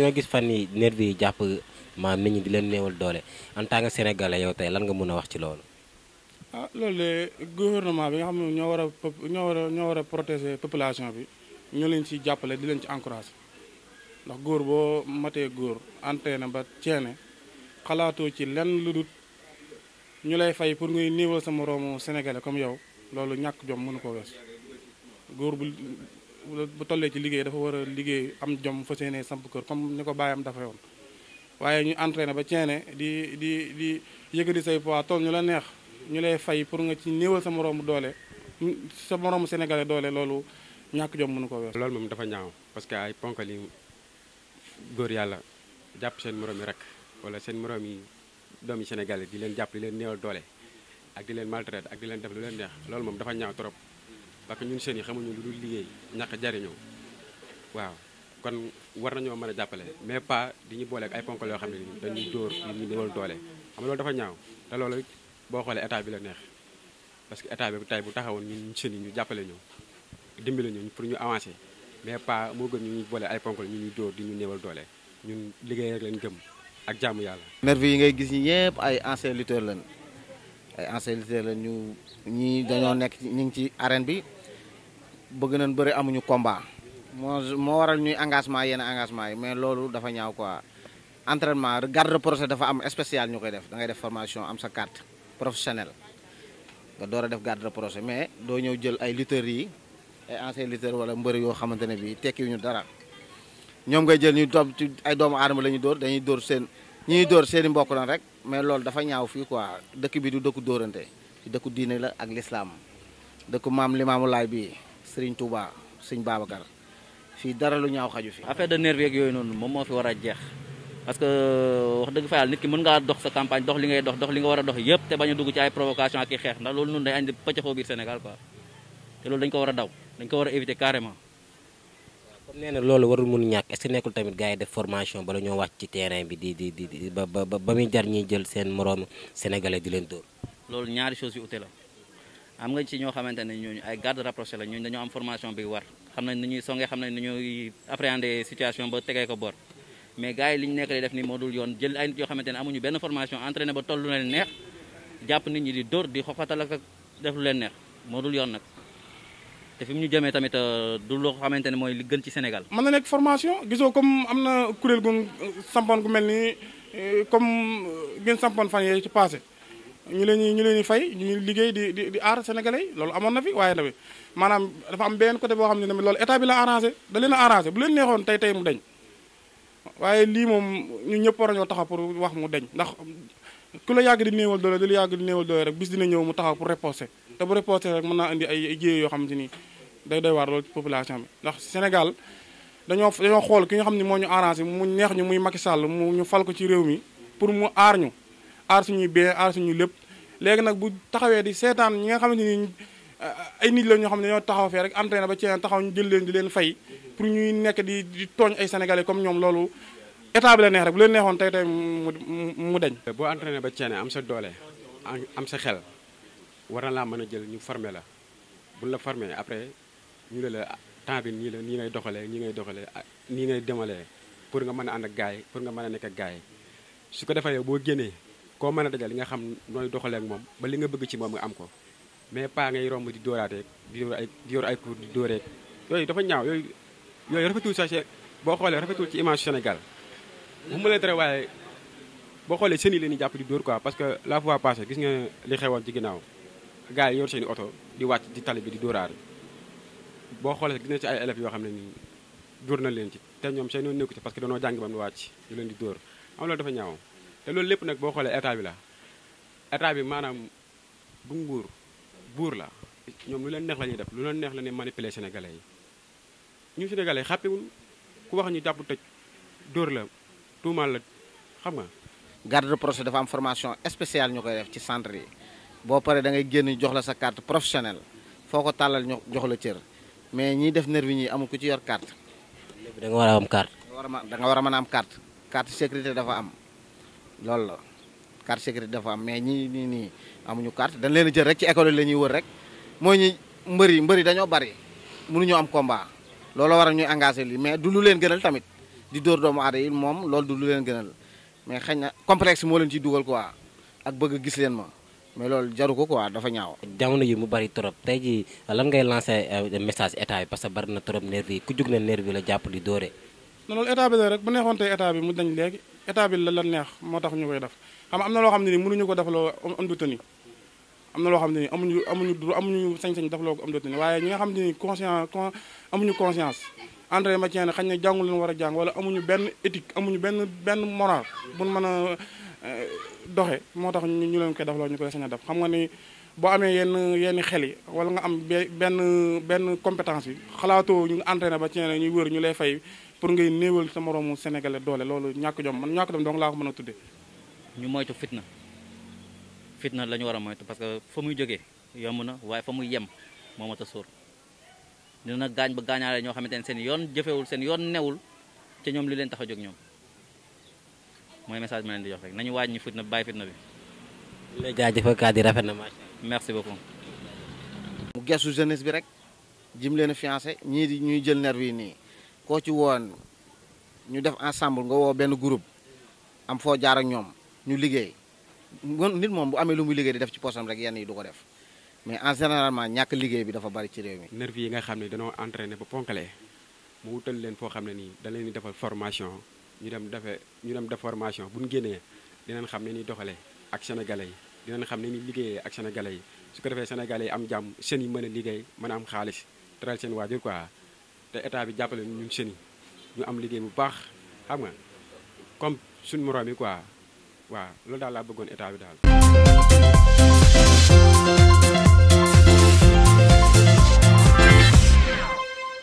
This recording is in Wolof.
dañoo gis fan yi nervi yi jàpp maam nit ñi di leen néewal doole en tant que sénégalais yow tey lan nga mën a wax ci loolu. ah loolu de gouvernement bi nga xam ne ñoo war a ñoo war a ñoo war a protéger population bi ñu leen ci jàppale di leen ci encourage ndax góor boo matee góor antenne ba ceene xalaatoo ci lenn lu ñu lay fay pour ngay néewal sa moroomu sénégalais comme yow loolu ñàkk jom mënu ko wees góor bu bu tollee ci liggéey dafa war a liggéey am jom fa seenee samp kër comme ni ko baayam dafa yoon waaye ñu entraîné ba ceene di di di yëgadi say poids tool ñu la neex ñu lay fay pour nga ci néewal sa moroomu doole sa moroomu sénégalais doole loolu ñàkk jom mënu ko wees loolu moom dafa ñaaw parce que ay ponkal góor yàlla jàpp seen moroom yi rek wala seen moroom yi doomi sénégalais di leen jàpp di leen néewal doole ak di leen maltraité ak di leen def lu leen neex loolu moom dafa ñaaw trop parce que ñun seen yi xamuñu lu dul liggéey ñàkk jariñoo waaw kon war nañoo mën a jàppale mais pas di ñu booleeg ay ponkal yoo xam ne ni dañuy dóor ñu néewal doole xam nga dafa ñaaw te loolu boo xoolee état bi la neex parce que état bi tey bu taxawoon ñun seen yi ñu jàppale ñu dimbali ñu pour ñu avancer mais pas moo gën ñu ñu boolee ay ponkal ñu ñu dóor di ñu néewal doole ñu liggéey rek leen gëm ak jàmm yàlla. nervi yi ngay gis ñi ñëpp ay anciens lutteurs lañ ay anciens lutteurs ñu ñii dañoo nekk ñu ngi ci arène bi. bëgg nañu bëri amuñu combat moo moo waral ñuy engagement yenn engagement yi mais loolu dafa ñaaw quoi entraînement garde de procès dafa am spécial ñu koy def dangay ngay def formation am sa carte professionnelle nga door a def garde de procès mais doo ñëw jël ay lutteurs yi ay ancien lutteur wala mbëri yoo xamante ne bii tekkiwuñu dara ñoom ngay jël ñu doom ci ay doomu aadama la ñu dóor dañuy dóor seen ñi ñuy dóor seen i mbokk lan rek mais loolu dafa ñaaw fii quoi dëkk bi du dëkku dóorante dëkku diine la ak l'islam dëkku maam limaamu laay bii Serigne Touba Serigne Babacar fii dara lu ñaaw moo fi war a jeex parce que wax dëgg fa yàlla li ngay dox dox li nga war a dox yëpp a dugg ci ay provocation ak i xeex ndax loolu noonu day andi pëccëxoo biir Sénégal quoi te loolu dañ ko war a daw dañ ko war a éviter carrément. comme nee na mun ñàkk est nekkul tamit gars yi def formation bala ñoo wàcc ci terrain bi di di di ba ba ba muy jar ñiy jël seen moroom sénégalais di leen dóor. loolu ñaari choses yu ute la. am nga ci ñoo xamante ne ñooñu ay garde rapproché la ñooñu dañoo am formation bi war xam nañ ni songee xam nañ ni ñuy appréhender situation ba tegee ko bor mais gars yi ñu nekk di def ni moo dul yoon jël ay nit ne ñi di dóor di xoxatal ak def lu leen neex moo dul yoon nag te fi mu ñu jëmee tamit euh, du loo xamante mooy li gën ci Sénégal. mën na nekk formation gisoo comme am na kuréel gu sampoon gu mel nii euh, comme euh, ngeen sampoon fan yee ci passé. ñu leen ñu leen di fay ñu liggéey di di di aar sénégalais loolu amoon na fi waaye tamit maanaam dafa am benn côté boo xam ne tamit loolu état bi la arrangé da leen a arrangé bu mu deñ waaye lii moom ñu ñëpp war nañoo pour wax mu deñ ndax ku la yàgg di néewal doole di la yàgg di néewal doole rek bis dina ñëw mu taxaw pour riposter te bu riposter mën naa indi ay jéey yoo xam ni day doy waar loolu population bi ndax Sénégal dañoo dañoo xool ki nga xam ne moo ñu arrangé mu neex ñu muy Macky Sall mu ñu fal ko ci réew mi pour mu aar ñu aar ñuy bien aar ñu lépp léegi nag bu taxawee di seetaan ñi nga xamante ni ay nit la ñoo xam ne ñoo taxaw fee rek entraîné ba ci taxaw ñu jël leen di leen fay pour ñuy nekk di di tooñ ay sénégalais comme ñoom loolu état bi la neex rek bu leen neexoon tey tey mu mu dañ. boo entraîné ba ceene am sa doole am sa xel war na laa mën a jël ñu formé la buñ la formé après ñu ne la temps bi nii la nii ngay doxalee nii ngay doxalee ah, nii ngay demalee pour nga mën a ànd ak gars yi pour nga mën a nekk ak yi su ko defee yow boo génnee. koo mën a dajal li nga xam nooy doxalee ak moom ba li nga bëgg ci moom nga am ko mais pas ngay romb di dóoraateeg di dóor ay di yor ay cour di dóoreeg yooyu dafa ñaaw yooyu yooyu rafetul sa boo xoolee rafetul ci image Sénégal bu mu leen tere waaye boo xoolee seen yi leen jàpp di dóor quoi parce que la fois passée gis nga li xewoon ci ginnaaw gars yi yor seen i oto di wàcc di tali bi di dóoraar boo xoolee gis na ci ay élèves yoo xam ne nii dóor na leen ci te ñoom seen yoon nekku ci parce que danoo jàng bam di wàcc ñu leen di dóor am dafa ñaaw te loolu lépp nag boo xoolee état bi la état bi maanaam du nguur buur la ñoom lu leen neex la ñuy def lu leen neex la ñuy manipuler sénégalais yi ñu sénégalais xàppiwul ku wax ñu jàpp tëj dóor la tuumaal la xam nga. garde de projet dafa am formation spéciale ñu koy def ci centre yi boo paree dangay ngay génn jox la sa carte professionnelle foo ko tàllal ñu jox la cër mais ñiy def nervi ñi amul ku ci yor carte. da nga war a am carte. da nga war a mën a am carte carte sécurité dafa am. loolu la carte sécurité dafa am mais ñi nii nii amuñu carte dañ leen a jël rek ci école yi la ñuy wër rek mooy ñi mbër yi mbër yi dañoo bari mënuñoo am combat loolu waral ñuy engagé lii mais du lu leen gënal tamit di dóor doomu aada yi moom loolu du lu leen gënal mais xëy na complexe moo leen ci dugal quoi ak bëgg gis leen ma mais loolu jaru ko ko quoi dafa ñaaw. jamono yi mu bari trop tey jii lan ngay lancé euh, message état bi parce que bari na trop nervi ku jug na nervi bi la rek bu neexoon état bi la la neex moo tax ñu koy def xam am na loo xam ne ni mënuñu ko defaloo am de tenue am na loo xam ne ni amuñu amuñu du amuñu sañ-sañ defaloo ko am de tenue waaye ñi nga xam ne ni conscience amuñu conscience entré matière ne xañ na jàngu leen war a jàng amuñu benn éthique amuñu benn benn moral bu mën a euh, doxe moo tax ñu leen koy defaloo ñu koy sañ a def xam nga ni boo amee yenn yenn xel yi wala nga am benn benn compétence bi xalaatoo ñu entraîné ba ci ne ñuy wër ñu lay fay pour ngay néewal sa moroomu sénégalais doole loolu ñàkk jom man ñàkk jom donc laa ko mën a tudde ñu moytu fitna fitna la ñu war a moytu parce que fa muy jógee yomb na waaye fa muy yem moo mat a sóor dina gaañ ba gaañaale ñoo xamante ne seen yoon jëfewul seen yoon newul ca ñoom li leen tax a jóg ñoom mooy message ma di jox rek nañu waaj ñu fitna bàyyi fitna bi. la jaajëfal kàddu yi rafet na macha merci beaucoup. mu gestu jeunesse bi rek jim leen a fiancé ñii di ñuy jël nerf yi nii. koo ci woon ñu def ensemble nga woo benn groupe am foo jaar ak ñoom ñu liggéey nit moom bu amee lu muy liggéey di def ci poosam rek yenn yi du ko def mais en généralement ñàkk liggéey bi dafa bari ci réew mi. nervi yi nga xam ne dañoo entraîné ba ponkale mu wutal leen foo xam ne nii da leen di defal formation ñu dem defee ñu dem def formation bu ñu génnee dinañ xam ne nii doxalee ak sénégalais yi dinañ xam ne ni liggéeyee ak sénégalais yi su ko defee sénégalais yi am jàmm seen yi mën a liggéey mën a am xaalis teral seen waajur te état bi jàppale ñun seen ñu am liggéey bu baax xam nga comme suñu moroom yi quoi waaw loolu daal laa bëggoon état bi daal.